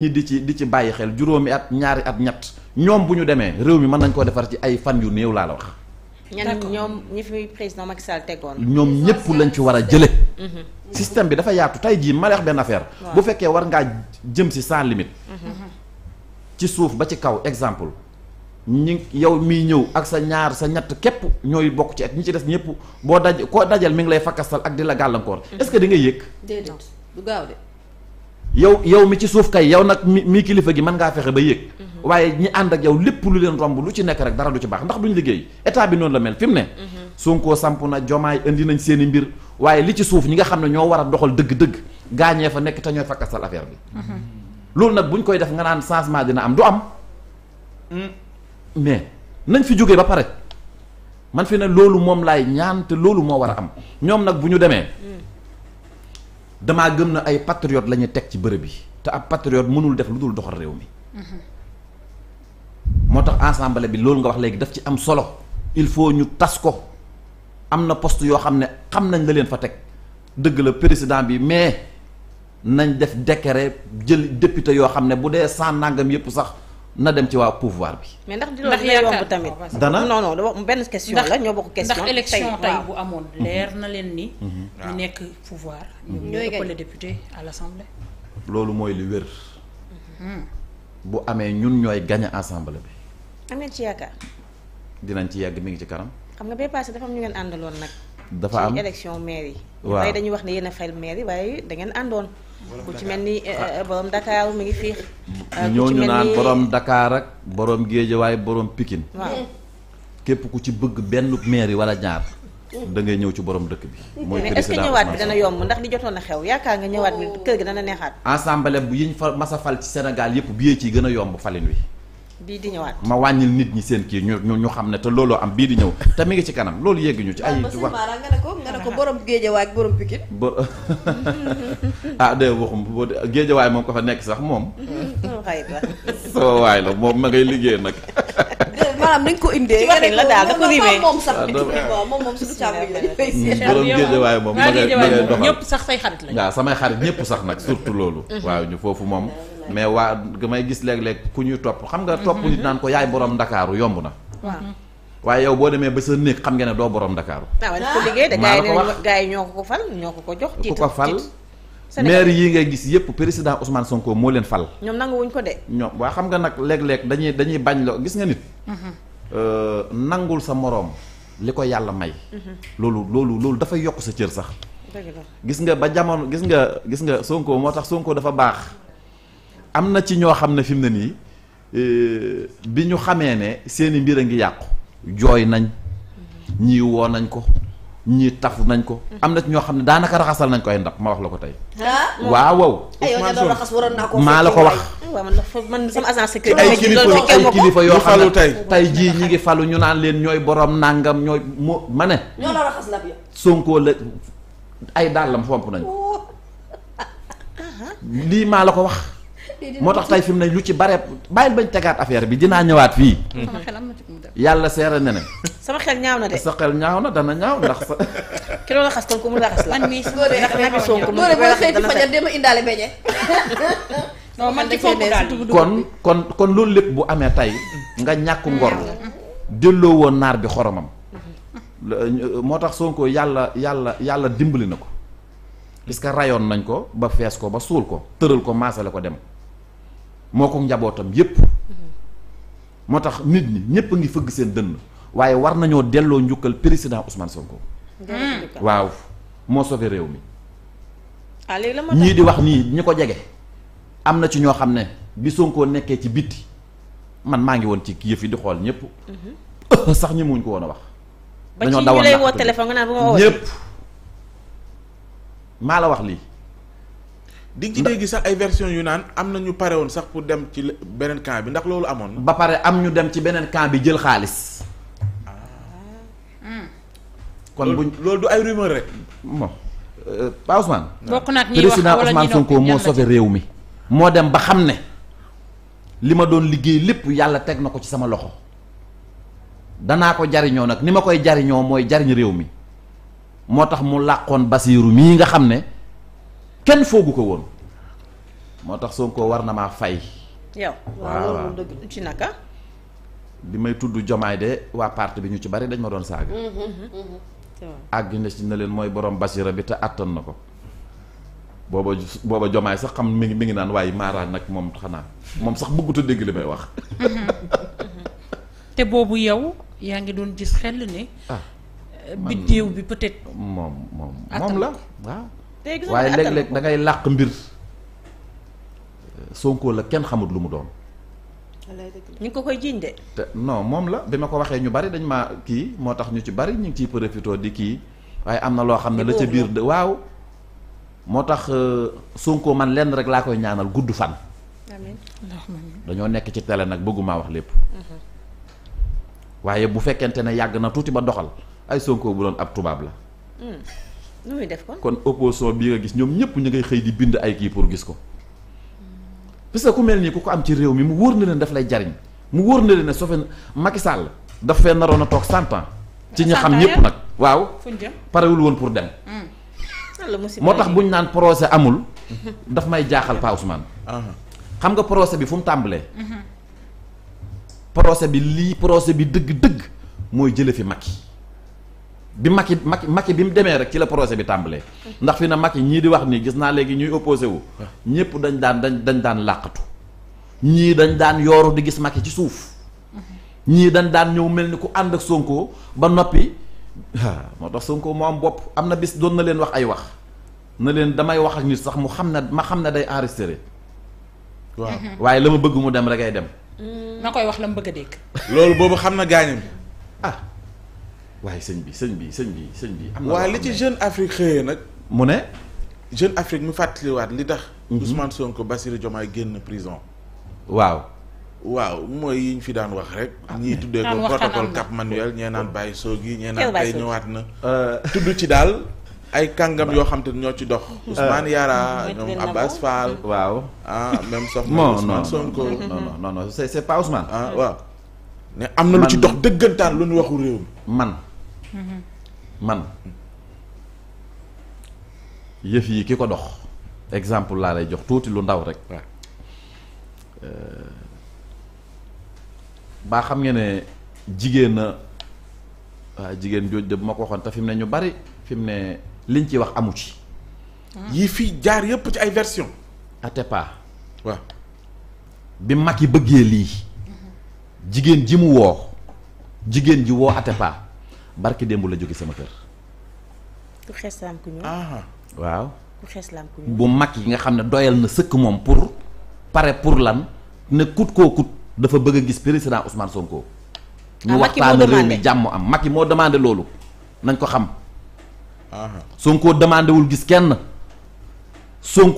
ñi di ci di ci bàyyi xel juróomi at ñaari at ñett ñoom bu ñu demee réew mi mën nañ koo defar ci ay fan yu néew laa la wax. ñan ñoom ñi fi président Macky Sall tegoon. ñoom ñëpp lañ ci war a jële mhm. système bi dafa yaatu tey jii ma lay wax benn affaire. bu fekkee war ngaa jëm si sans limite. Mhm. Mhm. ci suuf ba ci kaw exemple. ñi yow mi ñëw ak sa ñaar sa ñett képp ñooy bokk ci ak ñi ci des ñëpp boo daj koo dajal mi ngi lay fakkastal ak di la gàllankoor. est di nga yëg. yow yow mi ci suuf kay yow nag mi mi kilifa gi mën ngaa fexe ba yéeg. Mhm. waaye ñi ànd ak yow lépp lu leen romb lu ci nekk rek dara lu ci baax ndax duñ liggéey état bi noonu la mel fi mu ne. Mhm. Sonko samp na jomaay indi nañ seeni mbir waaye li ci suuf ñi nga xam ne ñoo war a doxal dëgg-dëgg gaañee fa nekk te ñooy fakkasal affaire bi. Mhm. loolu nag buñ koy def nga naan changement dina am du am. Mm. mais nañ fi jógee ba pare man fi ne loolu moom laay ñaan te loolu moo war a am ñoom nag bu ñu demee. Mm. damaa gëm na ay patriote la ñu teg ci bërëb bi te ab patriote mënul def lu dul doxal réew mi. Mhm. moo tax ensemble bi loolu nga wax léegi daf ci am solo. il faut ñu tas ko am na poste yoo xam ne xam nañ la leen fa teg dëgg la président bi mais nañ def décret jël député yoo xam ne bu dee sans nangam yépp sax. na dem ci waaw pouvoir bi. mais ndax di loolu yomb tamit. dana non non benn question la ñoo bokk question. ndax élection tey bu amoon. leer na leen ni. Mhm. ñu nekk pouvoir. Mhm. ñooy gañ le député à loolu mooy li wér. Mhm. bu amee ñun ñooy gañ assemblée bi. am ngeen ci yaakaar. dinañ ci yàgg mu ngi ci kanam. xam nga bee paase dafa am ñu ngeen àndaloon nag. dafa am ci élection maire yi. dañuy wax ne yéen a fayal yi waaye da ngeen àndoon. ku ci mel ni eh, eh, borom Dakar mi ngi fii. Eh, ñooñu naan borom Dakar ak borom Géejawaay waaye Pikine. waaw képp ku ci bëgg benn maire wala ñaar. da ngay ñëw ci borom dëkk bi. mooy président est-ce dana yomb ndax li jotoon a xew yaakaar nga ñëwaat bi kër gi dana neexaat. assemblée bu yiñ fa masa fal ci senegal yëpp bi yee ciy gën a yomb falin wi. bii ma wàññil nit ñi seen kii ñu ñu xam ne te looloo am bii di ñëw te mi ngi ci kanam loolu yegg ñu ci ay ah, wax nga ne ko nga ne ko ak borom pikin bo ah de moom ko fa nekk sax moom xayit la soo waay la moom ma ngay liggéey nag maanaam nañ ko indee. ci waxin la daal da ko rimee moom sax ah, moom moom suñu càmmiñ mm, ma ngay doxal ñëpp sax say xarit la waaw samay xarit ñëpp sax nag surtout loolu mm-hmm. waaw ñu foofu moom mais waa damay gis léeg-léeg ku ñuy topp xam nga topp nit naan ko yaay borom ndakaaru yomb na waaye yow boo demee ba sa néeg xam nga ne doo borom ndakaaru ah, maa ko wax gars ko ko fal ñoo ko ko jox ku ko fal maire yi gis yëpp président Ousmane Sonko moo leen fal ñoom nanguwuñ ko de ñoom waa xam nga nag léeg-léeg dañuy dañuy bañ la gis nga nit mhm. euh, nangul sa moroom li ko yàlla may mhm. loolu loolu loolu dafay yokk sa cër sax gis nga ba jamono gis nga gis nga Sonko moo tax Sonko dafa baax am na ci ñoo xam ne fi mu ne nii e, bi ñu xamee ne seeni mbir a ngi yàqu jooy nañ ñii woo nañ ko ñii tafu nañ ko mm-hmm. am na ci ñoo xam ne daanaka raxasal nañ ko ay ndap ma wax la ko tey waaw waaw maa la ko wax mm, ay kilifa ay kilifa yoo xam tey tey jii ñi ngi ñu naan leen ñooy borom nàngam ñooy mo ma dàllam fomp nañ maa la ko wax moo tax tey fi mu ne lu ci bare bàyyil bañ tegaat affaire bi dinaa ñëwaat fii. yàlla seere na ne. sama xel ñaaw na de. sa xel ñaaw na dana ñaaw ndax sa. ki loolu kon kon loolu lépp bu amee tey nga ñàkk mm-hmm. ngor delloo woon naar bi xoromam. Mm-hmm. moo tax Sonko yàlla yàlla yàlla dimbali na ko. puisque rayoon nañ ko ba fees ko ba suul ko tëral ko maasale ko dem. moo ko njabootam yépp moo tax nit ñi ñépp a ngi fëgg seen dënn waaye war nañoo delloo njukkal président Ousmane Sonko. waaw moo sauvé réew mi. Ah, ñii di wax nii ñi ko jege. am na ci ñoo xam ne bi Sonko nekkee ci bitti man maa ngi woon ci yëf yi di xool ñépp. Mhm. sax ñi muñ ko woon a wax. dañoo dawoon ba ci ñu ñépp maa la wax lii. di ci dégg sax ay version yu naan am na ñu pare woon sax pour dem ci beneen camp bi ndax loolu amoon na. ba pare am ñu dem ci beneen camp bi jël xaalis. Ah. Hmm. kon buñ loolu du ay rumeur rek. bon euh, Pa Ousmane. bokk ak moo sauvé réew mi. moo dem ba xam ne li ma doon liggéey lépp yàlla teg na ko ci sama loxo danaa ko jariñoo nag ni ma koy jariñoo mooy jariñ réew mi moo tax mu làqoon Basiiru mii nga xam ne. kenn foogu ko woon moo tax ko war na maa fay. yow waaw dëgg ci naka. bi may tudd jomaay waa parti bi ñu ci bari dañ ma doon saaga. Mhm, mhm, mhm. na leen mooy borom basira bi te na ko. booba booba jomaay sax xam mi ngi naan waaye maaraan nag moom xanaa moom sax bëggut dégg li may boobu yow yaa ngi doon gis xel ne. Ah, eh, bi peut waaw. waaye léeg-léeg dangay ngay làq mbir Sonko la kenn xamut lu mu doon. ñu ko koy jiiñ de. te non moom la bi ma ko waxee ñu bari dañ ma kii moo tax ñu ci bari ñu ngi ciy profité di kii waaye am na loo xam ne la ca biir de waaw. moo tax euh, Sonko man lenn rek laa koy ñaanal gudd fan. dañoo nekk ci télé nag bëgguma wax lépp. Mhm. waaye bu fekkente ne yàgg na tuuti ba doxal ay Sonko bu doon ab tubaab la. Mm. nu muy def kon kon opposition bii nga gis ñoom ñëpp ñu ngay xëy di bind ay kii pour gis ko. parce que ku mel nii ku ko am ci réew mi mu wóor na leen daf lay jariñ mu wóor na leen ne soo fee Macky Sall daf fee naroon a toog cent ans ci ñi xam ñëpp nag waaw. parewul woon pour dem. Hmm. moo tax bu ñu naan procès amul. daf may jaaxal Pa Ousmane. xam nga procès bi fu mu tàmbalee. Mhm. procès bi lii procès bi dëgg-dëgg mooy jële fi Macky. bi Macky Macky Macky bi mu demee rek ci la projet bi tàmbalee. ndax fi na Macky ñii di wax nii gis naa léegi ñuy opposé wu. ñëpp dañ daan dañ dañ daan làqatu. ñii dañ daan yooru di gis Macky ci suuf. ñii dañ daan ñëw mel ni ku ànd ak Sonko ba noppi moo tax Sonko moo am bopp am na bis doon na leen wax ay wax na leen damay wax ak nit sax mu xam ne ma xam ne day enregistré. waaw waaye la ma bëgg mu dem rek ay dem. na koy wax la mu bëgg a dégg. loolu boobu xam na gaañam ah. waaye sëñ bi sëñ bi sëñ bi sëñ bi. am na waaye li ci Jeune Afrique xëyee nag. mu ne. Jeune Afrique mu fàttaliwaat li tax. Mhm. Ousmane Sonko Bassirou Diomaye génn prison. waaw. waaw mooy yi ñu fi daan wax rek. Ah, ñii tuddee ko protocole Cap Manuel ñee naan bàyyi soo yi ñee naan ay ñëwaat na. Euh. tudd ci daal. ay kàngam yoo xam te ñoo ci dox. Euh. Ousmane Yara ñoom Abbas Fall. waaw ah même soxna Ousmane Sonko. non non non non c'est c'est pas Ousmane. Ah, waaw. ne am na lu ci dox dëggantaan lu ñu waxu réew mi man. man yëf yi ki ko dox exemple laa lay jox tuuti lu ndaw rek euh, baa xam nga ne jigéen jigéen jooj de bu ma ko waxoon te fi ne ñu bari fi ne liñ ci wax amu ci hmm. yii fii jaar yëpp ci ay version Atépa waaw bi mag yi bëggee lii hmm. jigéen ji mu woo jigéen ji woo Atépa barki démb la jóge sama kër. ku waaw. xees la ah. bu mag yi nga xam ne doyal na sëkk moom pour pare pour lan ne kut koo kut dafa bëgg a gis président Ousmane Sonko. ñu ah, waxtaan réew mi jàmm am yi moo demandé loolu nañ ko xam. Ah. Sonko demandé wul gis kenn Sonko.